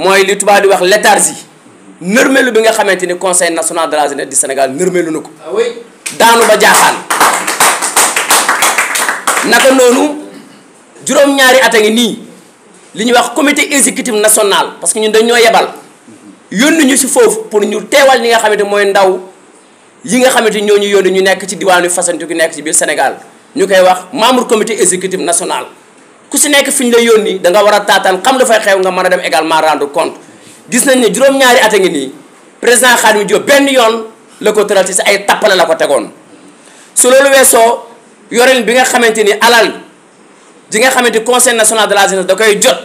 moy li tuba di wax léthargie neurmelu bi nga xamanteni conseil national de la jeunesse du Sénégal neurmelu nuko ah oui daanu ba jaxal naka nonu juróom-ñaari atangi ni ngi wax comité exécutif national parce que ñun dañ ñoy yebal yonnu ñu ci fofu pour ñu téwal ñi nga xamanteni moy ndaw yi nga xamante ñooñu yónni ñu nekk ci diwanu fassantou ki nekk ci biir Sénégal ñukay wax membre comité exécutif national ku si nekk fi ñu la yónni da nga war a taataan xam dafay xew nga mën a dem également rendre compte gis nañ ne juróom-ñaari at a ngi nii président mu Diop benn yoon la ko tëral ci si ay tappale la ko tegoon su loolu weesoo yoreen bi nga xamante ni alal di nga xamante conseil national de la jeunesse da koy jot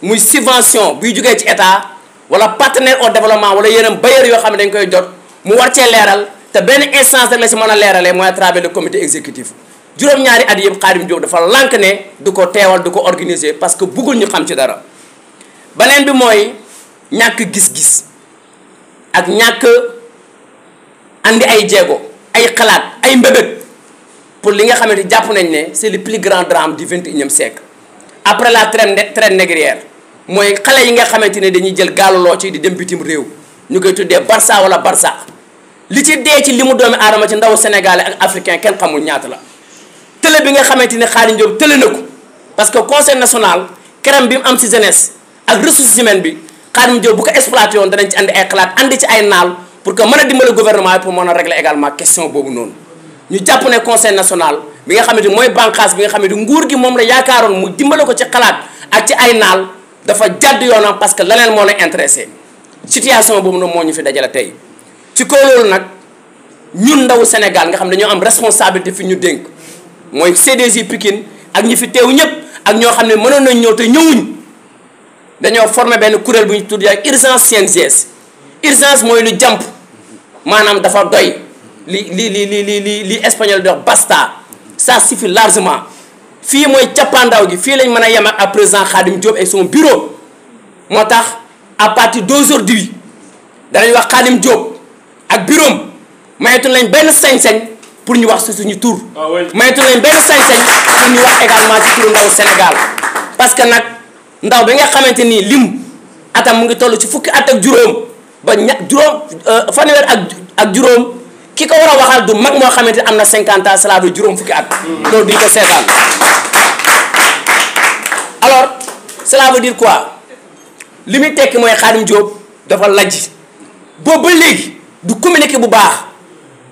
muy subvention buy jugee ci état wala partenaire au développement wala yeneen bailleurs yoo xam ne dañ koy jot mu war cee leeral te benn instance rek la si a leeralee mooy à travers le comité exécutif juróom-ñaari at yëpp Khadim Diop dafa lànk ne du ko teewal du ko organiser parce que bëggul ñu xam ci dara beneen bi mooy ñàkk gis-gis ak ñàkk andi ay jéego ay xalaat ay mbébét pour li nga xamante jàpp nañ ne c'est le plus grand drame du vingt et unième après la traite traite négrière mooy xale yi nga xamante ne dañuy jël gaalu ci di dem bitim réew ñu koy tuddee Barça wala Barça li ci dee ci li mu doomi aadama ci ndaw sénégalais ak africain kenn xamul ñaata la télé bi nga xamanteni ni Khadim télé nako parce que conseil national crème bi mu am ci jeunesse ak ressources humaines bi Khadim Diop bu ko exploiter woon dañ ci and ay xalaat andi ci ay nal pour que mën dimbalé gouvernement pour mën régler également question bobu non ñu japp né conseil national bi nga xamanteni moy bànqaas bi nga xamanteni nguur gi mom la yaakaaroon mu dimbalé ko ci xalat ak ci ay nal dafa jadd yona parce que lanen mo la intéressé situation bobu non mo ñu fi dajala tay ci ko lol nak ñun ndaw Sénégal nga xam dañoo am responsabilité fi ñu denk mooy CDJ Pikine ak ñi fi teew ñëpp ak ñoo xam ne mënoon nañ ñëw te ñëwuñ dañoo formé benn kuréel bu ñu tudd ak urgence CNCS urgence mooy lu jàmp maanaam dafa doy li li li li li li li espagnol di wax basta ça suffit largement fii mooy cappaandaw gi fii lañ mën a yem ak à président Khadim Diop et son bureau moo tax à partir d'aujourd'hui danañ wax Khadim Diop ak bureau am mayetuñ lañ benn sañ-sañ pour ñu wax si suñu tur. Ah maytu leen benn sañ-sañ pour ñu wax également ci turu ndaw Sénégal. parce que nag ndaw bi nga xamante ni lim atam mu ngi toll ci fukki at ak juróom ba ña juróom euh, fanweer ak ak juróom ki ko war a waxal du mag moo xamante ni am na cinquante ans cela juróom fukki at. Mm-hmm. loolu duñ ko seetaan alors cela veut dire quoi li muy tekki mooy Khadim Diop dafa lajj boobu ba léegi du communiquer bu baax.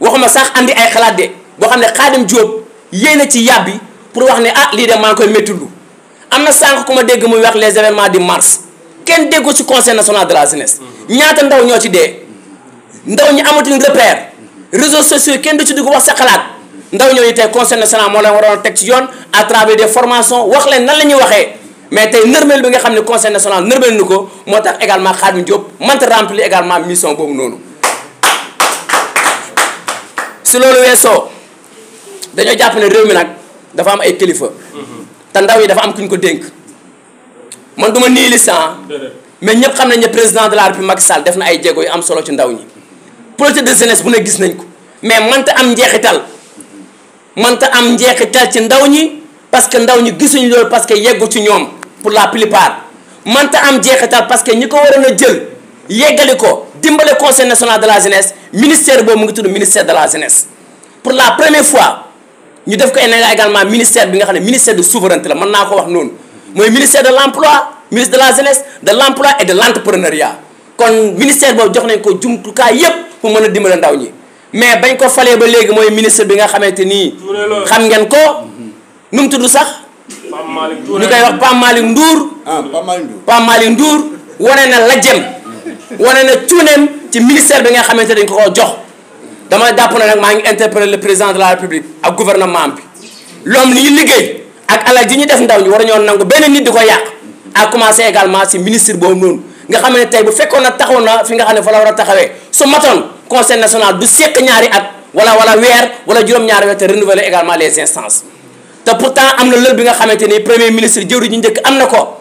waxuma sax andi ay xalaat de boo xam ne Xaadim Diop yéena ci yàbbi pour wax ne ah lii de maa ngi koy méttilu am na sànq ku ma dégg muy wax les événements du mars kenn déggu ci conseil national de la jeunesse ñaata ndaw ñoo ci dee ndaw ñi amatuñu repère réseaux sociaux kenn du ci dugg wax sa xalaat ndaw ñooñu tey conseil national moo leen waroon teg ci yoon à travers des formations wax leen nan la ñuy waxee mais tey nërmeel bi nga xam ne conseil national nërmeel ni ko moo tax également Khadim Diop mënta remplir également mission su loolu weesoo dañoo jàpp ne réew mi nag dafa am ay kilifa mm-hmm. te ndaw yi dafa am kuñ ko dénk man du ma nii listan ah, mais ñëpp xam nañ ne président de la république Macky def na ay jéego yu am solo ci ndaw ñi projet de jeunesse bu ne gis nañ ko mais man te am njeexital mënta am njeexital ci ndaw ñi parce que ndaw ñi gisuñu loolu parce que yeggu ci ñoom pour la plupart mënta am jeexital parce que ñi ko waroon a jël yeggali ko dimbalé conseil national de la jeunesse ministère bo mu ngi tuddu ministère de la jeunesse pour la première fois ñu def ko enega également ministère bi nga xamné ministère de souveraineté la man naa ko wax non moy ministère de l'emploi ministre de la jeunesse de l'emploi et de l'entrepreneuriat kon ministère bo jox nañ ko ka yépp pour mëna dimbalé ndaw ñi mais bañ ko falé ba légui moy ministère bi nga té ni xam ngeen ko nu mu sax ñu koy wax pam malik Ndour ah, pam malik Ndour woné na la jëm wane na cuuneem ci ministère bi nga xamante dañ ko ko jox dama jàpp na nag maa ngi interpeller le président de la république ak gouvernement bi loom li ñu liggéey ak alal ji ñu def ndaw ñi war a ñoo nangu benn nit di ko yàq à également ci ministre boobu noonu nga xam ne tey bu fekkoon na taxaw na fi nga xam ne fa la war a taxawee su matoon conseil national du seq ñaari at wala wala weer wala juróom-ñaari weer te renouveler également les instances te pourtant am na lël bi nga xamante ni premier ministre jëwri ñu njëkk am na ko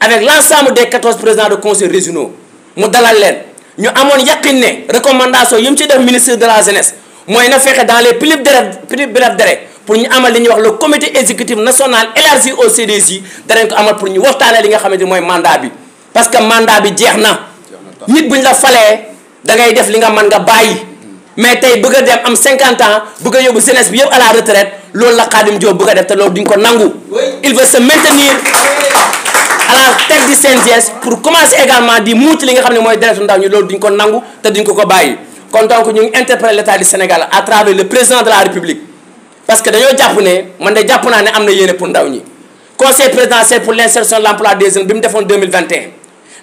avec l' ensemble des 14 présidents de Conseil régionaux mu dalal leen ñu amoon yaqin ne recommandation yi mu ci def ministre de la jeunesse mooy na fexe dans les plus brefs plus brefs délais pour ñu amal li ñuy wax le comité exécutif national élargi au CDJ danañ ko amal pour ñu waxtaanee li nga xamante ni mooy mandat bi parce que mandat bi jeex na nit bu ñu la falee da ngay def li nga mën nga bàyyi mais tey bëgg a dem am 50 ans bëgg a yóbbu jeunesse bi yëpp à la retraite loolu la Khadim Diop bëgg a def te loolu ko nangu la pour commencer également di dire li nga du Sénégal à travers le président de la République parce que les japp né man de japp na pour conseil présidentiel pour l'insertion de l'emploi des jeunes de 2021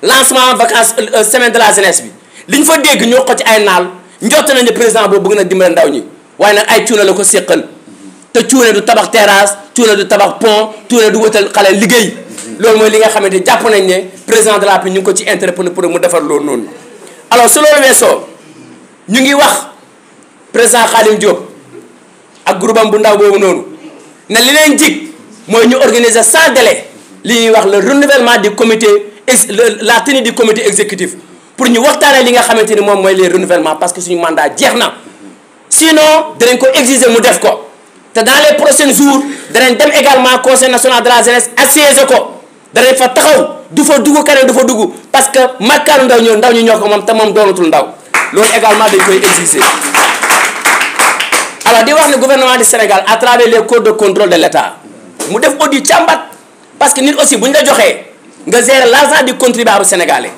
lancement vacances euh, euh, semaine de la jeunesse bi liñ fa dégg ñu ko ay président bo bëgg na de ndaw ñi la du tabax terrasse du pont loolu mooy li nga xamante ne jàpp nañ ne président de la République ñu ngi ko ci interpellé pour mu defar loolu noonu. alors su loolu weesoo ñu ngi wax président Khadim Diop ak groupam bu ndaw boobu noonu ne li leen jig mooy ñu organiser sans délai li ñuy wax le renouvellement du comité et la tenue du comité exécutif pour ñu waxtaanee li nga xamante ni moom mooy les renouvellement parce que suñu mandat jeex sinon danañ ko exiger mu def ko te dans les prochains jours danañ dem également conseil national de la jeunesse assiéger ko danañ fa taxaw du fa dugg keneen du fa dugg parce que makkaanu ndaw ñoo ndaw ñi ñoo ko moom te moom doonatul ndaw loolu également dañ koy exiger alors di wax ne gouvernement du Sénégal à travers les cours de contrôle de l' état mu def audit càmbat parce que nit aussi bu ñu la joxee nga gérer l' argent du contribuable sénégalais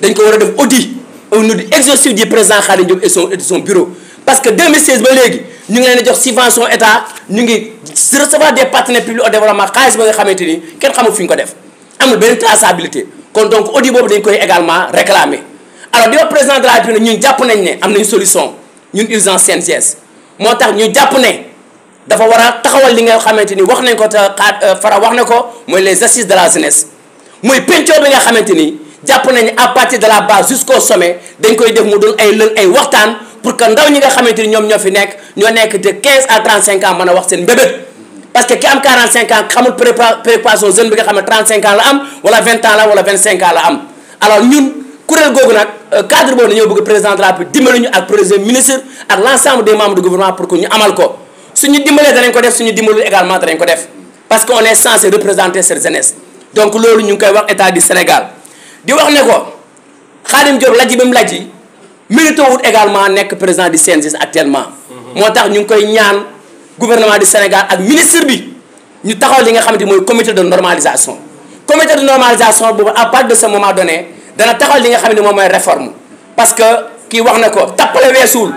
dañ ko war a def audit un audit exhaustif du président Khalid Diop et son et son bureau parce que 2016 ba léegi ñu ngi leen di jox subvention état ñu ngi recevoir des partenaires publics au développement xaalis ba nga xamante ni kenn xamul fi ñu ko def amul ben traçabilité kon donc audit boobu dañ koy également réclamer alors di wax président de la République ñun japp nañ né am nañ solution ñun urgence CNCS motax ñu japp né dafa wara taxawal li nga xamanteni wax nañ ko euh, fara wax na ko mooy les assises de la jeunesse moy pencoo bi nga xamanteni japp nañ à partir de la base jusqu'au sommet dañ koy def mu doon ay lën ay waxtaan pour que ndaw ñi nga xamanteni ñom ñofi nek fi nekk ñoo nekk de 15 à 35 ans mën wax sen bébé parce que ki am 45 ans xamul prépa préparation jeune bi nga xam 35 ans la am wala 20 ans la wala 25 ans la am alors ñun kuréel googu nag euh, cadre boobu dañoo bëgg président de la République dimbali ak président ministre ak l'ensemble des membres du gouvernement pour que ñu amal ko suñu dimbalee danañ ko def suñu dimbalul également danañ ko def parce que on est censé représenter cette jeunesse donc que ñu ngi koy wax état du Sénégal di wax ne ko Khadim Diop lajj bi mu lajji mérite également le président du CNG actuellement mm-hmm. moo tax ñu ngi koy ñaan. gouvernement du Sénégal ak ministre bi ñu taxaw li nga xam ni mooy comité de normalisation comité de normalisation boobu à partir de ce moment donné dana taxaw li nga xam ne moom mooy réforme parce que kii wax na ko tappale weesuwul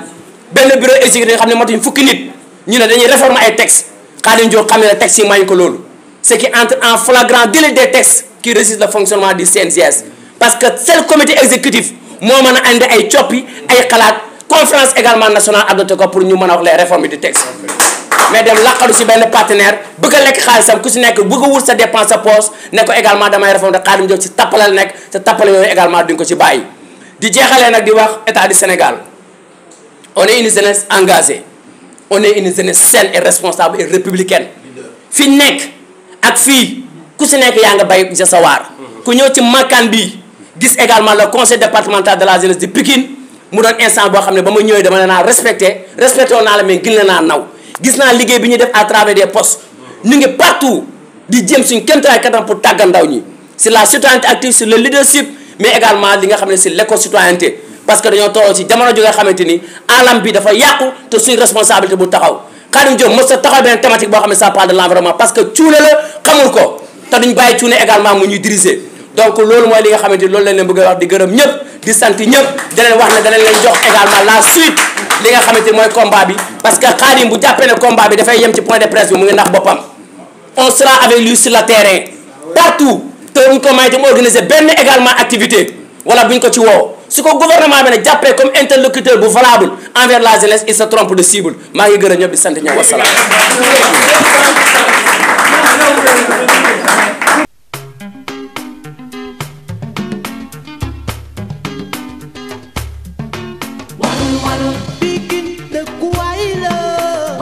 benn bureau exécutif nga xam ne ñu fukki nit ñu ne dañuy réformer ay textes xaaral ñu xam ne la textes yi mayu ko loolu ce qui entre en flagrant délit des textes qui régissent le fonctionnement du CNJS parce que seul comité exécutif moo a andi ay coppi ay xalaat conférence également nationale adopté ko pour ñu mën a wax les réformes mais dem laqalu si ben partenaire bëgg lek lekk ku ci nek bëgg wul sa dépense sa poche ne ko également dama réformer de xadim si ci tapalal nek te tappale yoy également duñ ko ci bayyi di jéxalé nak di wax état du Sénégal on est une jeunesse engagée on est une jeunesse saine et responsable et républicaine fi nek ak fi ku ci nek ya nga bay sa war ku ñëw ci makan bi gis également le conseil départemental de la jeunesse de Pikine mu don instant bo xamné bama ba dama na respecté respecté on na la mais gën na naw. gis naa liggéey bi ñuy def à travers des postes ñu ngi partout di jéem suñ kéemtalaay kattan pour tàggat ndaw ñi si la citoyenneté active sur le leadership mais également li nga xam ne si l'éco-citoyenneté parce que dañoo tolloo ci jamono ji nga xamante alam bi dafa yàqu te suñ responsabilité bu taxaw Khadim Diop mos a taxaw benn thématique boo xam ne ça parle de l'environnement parce que cuune la xamul ko te duñ bàyyi cuune également mu ñuy diriger donc loolu mooy li a wax di gërëm ñëpp li nga xamante moy combat bi parce que Karim bu jappé ne combat bi fay yem ci point de presse bi mu ngi nax bopam on sera avec lui sur le terrain partout te bu ñu ko may organiser benn également activité wala buñ ko ci wo su ko gouvernement bi ne jappé comme interlocuteur bu valable envers la jeunesse il se trompe de cible ma ngi gëna ñëpp di sant ñëpp wasalaam